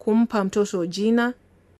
kumpa mtoto jina